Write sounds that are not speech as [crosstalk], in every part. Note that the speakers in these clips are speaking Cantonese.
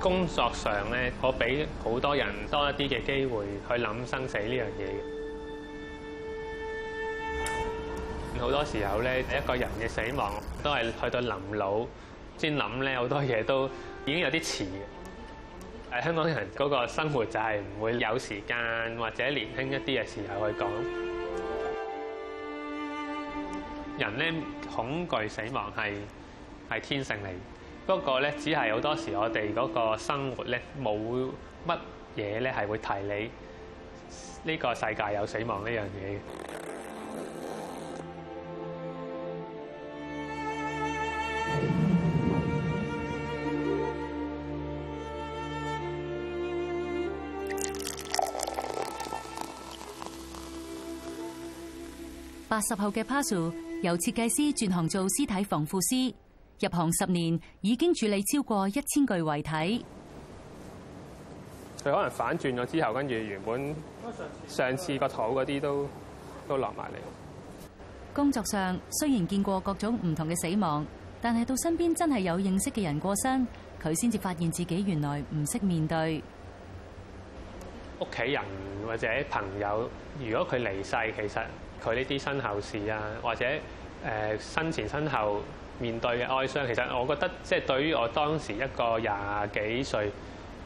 工作上咧，我俾好多人多一啲嘅機會去諗生死呢樣嘢嘅。好多時候咧，一個人嘅死亡都係去到臨老先諗咧，好多嘢都已經有啲遲。誒，香港人嗰個生活就係唔會有時間或者年輕一啲嘅時候去講。人咧，恐懼死亡係係天性嚟。不過咧，只係好多時我哋嗰個生活咧，冇乜嘢咧，係會提你呢個世界有死亡呢樣嘢。八十後嘅 Passo 由設計師轉行做屍體防腐師。入行十年，已經處理超過一千具遺體。佢可能反轉咗之後，跟住原本上次個肚嗰啲都都落埋嚟。工作上雖然見過各種唔同嘅死亡，但係到身邊真係有認識嘅人過身，佢先至發現自己原來唔識面對屋企人或者朋友。如果佢離世，其實佢呢啲身後事啊，或者誒、呃、生前身後。面對嘅哀傷，其實我覺得即係對於我當時一個廿幾歲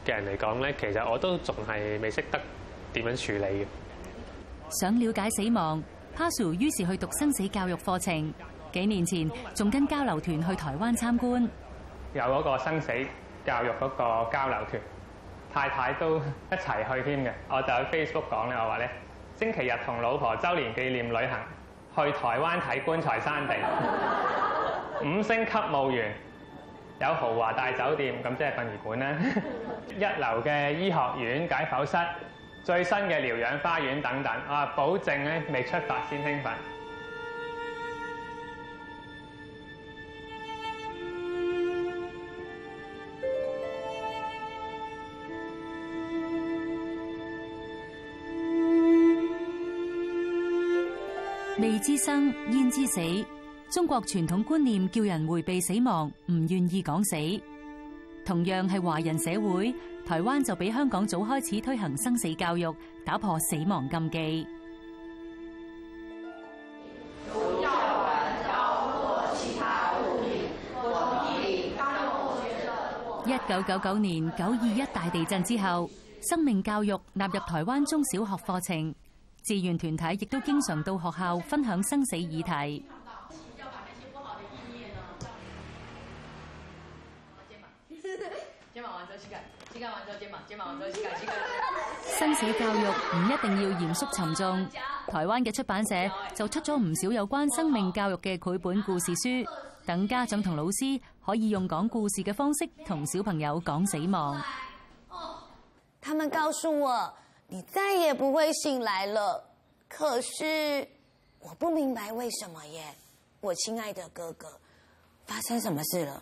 嘅人嚟講咧，其實我都仲係未識得點樣處理嘅。想了解死亡，Pascal 於是去讀生死教育課程，幾年前仲跟交流團去台灣參觀。有嗰個生死教育嗰個交流團，太太都一齊去添嘅。我就喺 Facebook 講咧，我話咧星期日同老婆周年紀念旅行去台灣睇棺材山地。 [laughs] 五星級墓園，有豪華大酒店，咁即係殯儀館啦。一流嘅醫學院解剖室，最新嘅療養花園等等，啊，保證咧未出發先興奮。未知生，焉知死？中國傳統觀念叫人回避死亡，唔願意講死。同樣係華人社會，台灣就比香港早開始推行生死教育，打破死亡禁忌。一九九九年九二一大地震之後，生命教育納入台灣中小學課程，志願團體亦都經常到學校分享生死議題。生死教育唔一定要嚴肅沉重，台灣嘅出版社就出咗唔少有關生命教育嘅繪本故事書，等家長同老師可以用講故事嘅方式同小朋友講死亡。他們告訴我，你再也不會醒來了，可是我不明白為什麼耶，我親愛的哥哥，發生什麼事了？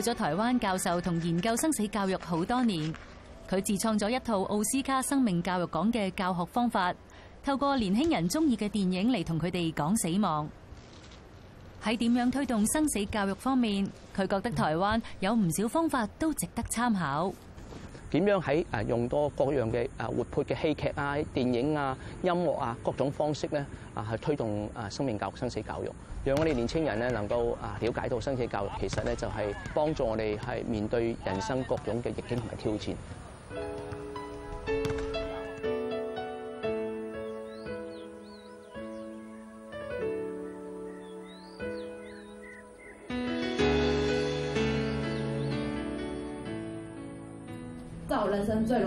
去咗台灣教授同研究生死教育好多年，佢自創咗一套奧斯卡生命教育講嘅教學方法，透過年輕人中意嘅電影嚟同佢哋講死亡。喺點樣推動生死教育方面，佢覺得台灣有唔少方法都值得參考。點樣喺用多各樣嘅誒活潑嘅戲劇啊、電影啊、音樂啊各種方式咧啊，去推動生命教育、生死教育，讓我哋年青人咧能夠啊瞭解到生死教育其實咧就係、是、幫助我哋係面對人生各種嘅逆境同埋挑戰。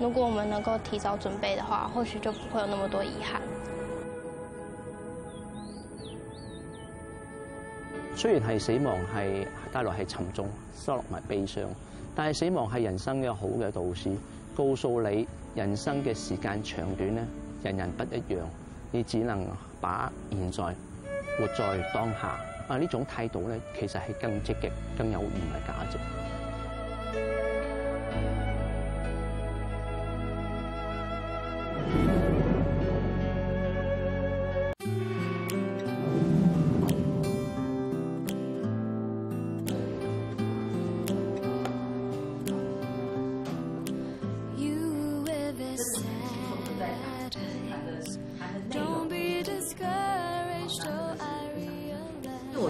如果我們能夠提早準備的話，或許就不會有那麼多遺憾。雖然係死亡係帶來係沉重、失落埋悲傷，但係死亡係人生嘅好嘅導師，告訴你人生嘅時間長短咧，人人不一樣。你只能把現在活在當下啊！呢種態度咧，其實係更積極、更有意義嘅價值。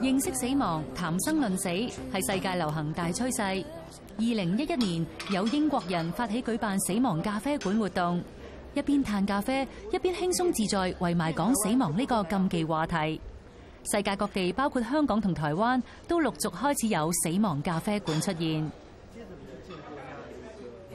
認識死亡、談生論死係世界流行大趨勢。二零一一年有英國人發起舉辦死亡咖啡館活動，一邊嘆咖啡，一邊輕鬆自在，為埋講死亡呢個禁忌話題。世界各地包括香港同台灣都陸續開始有死亡咖啡館出現。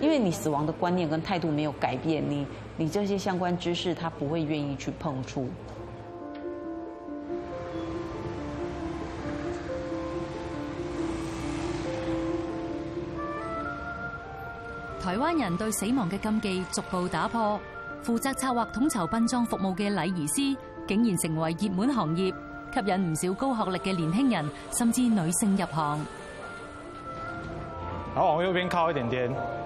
因為你死亡的觀念跟態度沒有改變你，你你這些相關知識，他不會願意去碰觸。台灣人對死亡嘅禁忌逐步打破，負責策劃統籌殯葬服務嘅禮儀師，竟然成為熱門行業，吸引唔少高學歷嘅年輕人，甚至女性入行。好，我往右邊靠一點點。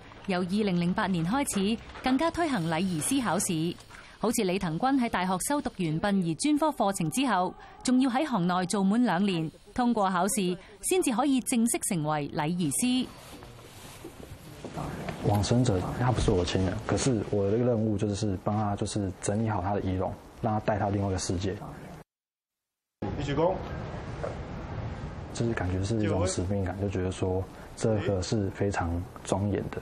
由二零零八年開始，更加推行禮儀師考試。好似李騰君喺大學修讀完殯儀專科課程之後，仲要喺行內做滿兩年，通過考試，先至可以正式成為禮儀師。往生者，他不是我親人，可是我嘅任務就是幫他，就是整理好他的儀容，讓他帶他另外一個世界。一鞠躬，就是感覺是一種使命感，就覺得說，這個是非常莊嚴的。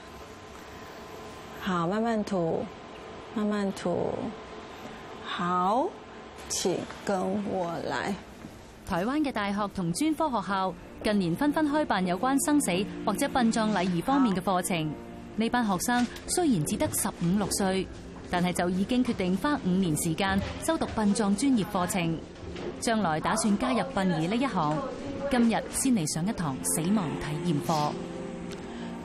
好，慢慢吐，慢慢吐。好，請跟我來。台灣嘅大學同專科學校近年紛紛開辦有關生死或者殯葬禮儀方面嘅課程。呢班學生雖然只得十五六歲，但係就已經決定花五年時間修讀殯葬專業課程，將來打算加入殯儀呢一行。今日先嚟上一堂死亡體驗課。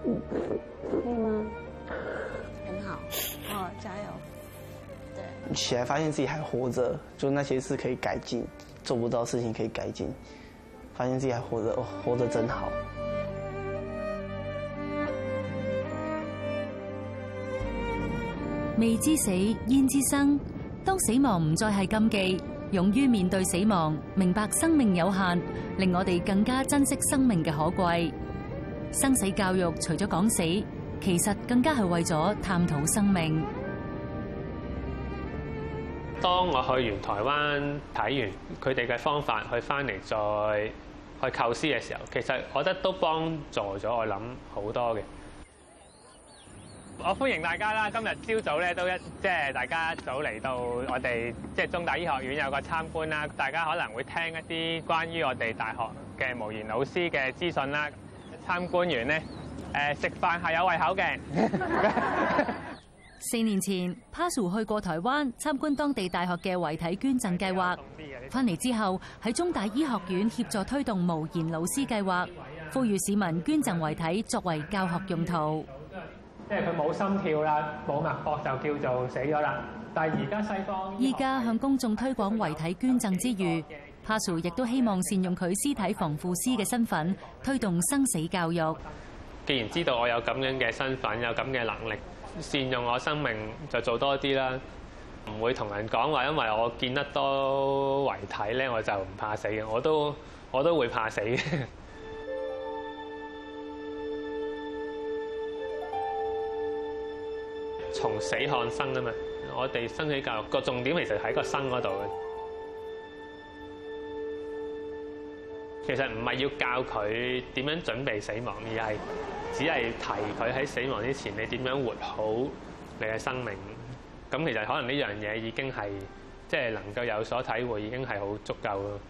可以嗎？很好，哦，加油！對，起來發現自己還活着，就那些事可以改進，做不到事情可以改進，發現自己還活着，哦，活着真好。未知死，焉知生？當死亡唔再係禁忌，勇於面對死亡，明白生命有限，令我哋更加珍惜生命嘅可貴。生死教育除咗講死，其實更加係為咗探討生命。當我去完台灣睇完佢哋嘅方法，去翻嚟再去構思嘅時候，其實我覺得都幫助咗我諗好多嘅。我歡迎大家啦！今日朝早咧都一即係、就是、大家一早嚟到我哋即係中大醫學院有個參觀啦。大家可能會聽一啲關於我哋大學嘅無言老師嘅資訊啦。參觀完呢，誒、呃、食飯係有胃口嘅 [laughs] 。四年前，Pasu 去過台灣參觀當地大學嘅遺體捐贈計劃，翻嚟之後喺中大醫學院協助推動無言老師計劃，呼籲市民捐贈遺體作為教學用途。即係佢冇心跳啦，冇脈搏就叫做死咗啦。但係而家西方，依家向公眾推廣遺體捐贈之餘。帕 a 亦都希望善用佢屍體防腐師嘅身份，推動生死教育。既然知道我有咁樣嘅身份，有咁嘅能力，善用我生命就做多啲啦。唔會同人講話，因為我見得多遺體咧，我就唔怕死嘅。我都我都會怕死 [laughs] 從死看生啊嘛，我哋生死教育個重點其實喺個生嗰度嘅。其實唔係要教佢點樣準備死亡，而係只係提佢喺死亡之前，你點樣活好你嘅生命。咁其實可能呢樣嘢已經係，即係能夠有所體會，已經係好足夠咯。